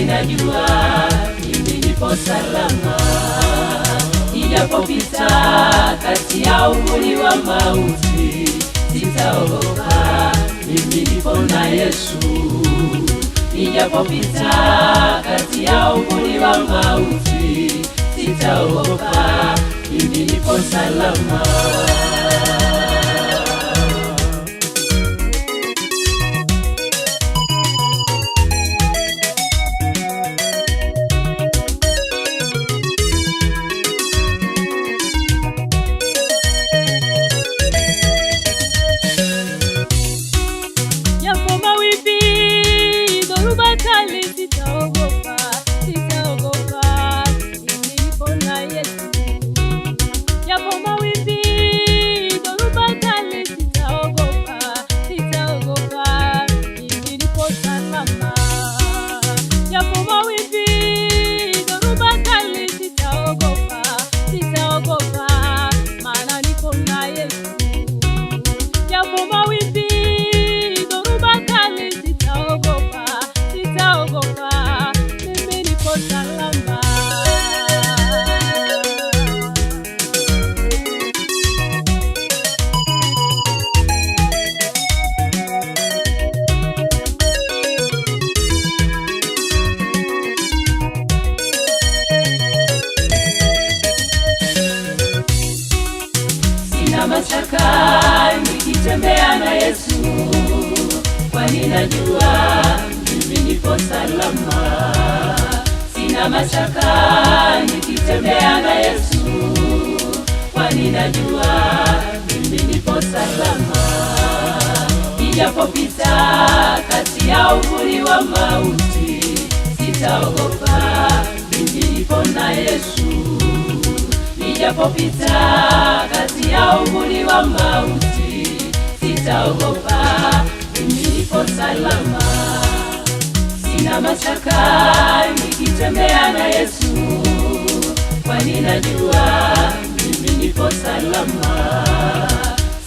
ninajua mimi nipo salama, ijapopita kati ya uvuli wa mauti sitaogopa, mimi nipo na Yesu. Ijapopita kati ya uvuli wa mauti sitaogopa, mimi nipo salama. ninajua mimi nipo salama, sina mashaka nikitembea na Yesu, kwani najua mimi nipo salama, nijapopita kati ya uvuli wa mauti sitaogopa, mimi nipo na Yesu, nijapopita kati ya mashaka nikitembea na Yesu, kwani najua mimi nipo salama.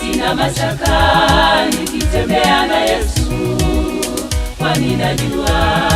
Sina mashaka nikitembea na Yesu, kwani najua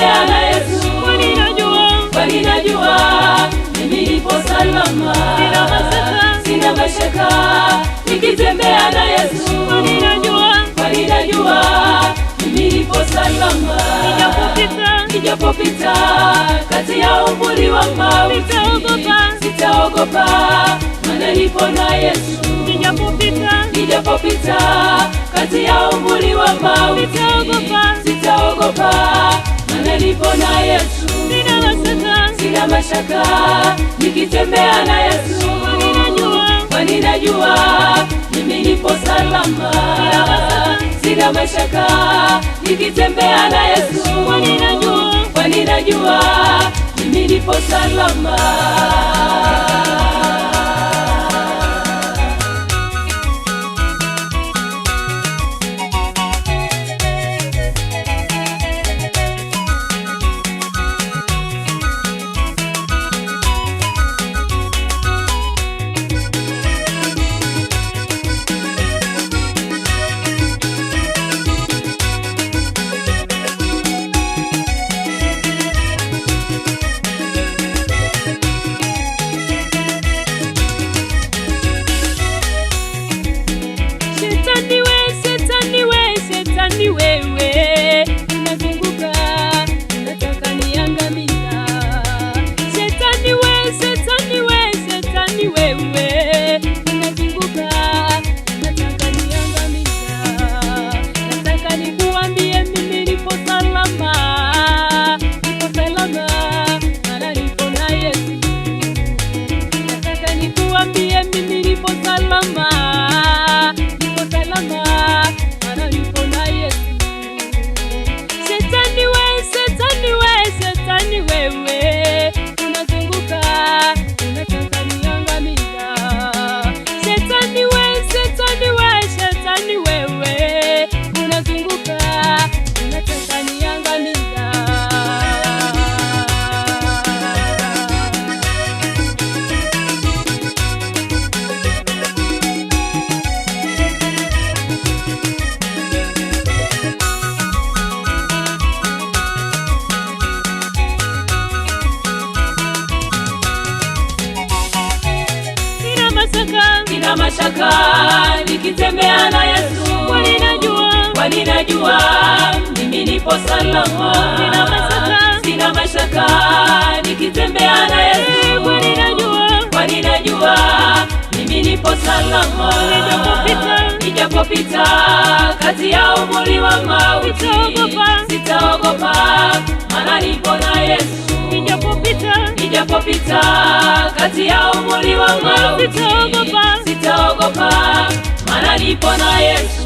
Natembea Yesu, mimi nipo salama, sina sina mashaka, nikitembea na Yesu, mimi nipo salama, nijapopita, nijapopita kati ya umuri wa mauti, sitaogopa, sitaogopa maana nipo na Yesu, nijapopita, nijapopita kati ya nipo na Yesu sina mashaka, sina mashaka nikitembea na Yesu kwani najua mimi nipo salama, sina mashaka nikitembea na Yesu kwani najua mimi nipo salama. shaka nikitembea na Yesu, kwani najua, kwani najua mimi nipo salama, sina mashaka, sina mashaka nikitembea na Yesu, eh, kwani najua, kwani najua mimi nipo salama, nijapopita, nijapopita kati ya umuri wa mauti sitaogopa, maana nipo na Yesu nijapopita, nijapopita kati ya umuri wa mauti nipo na Yesu.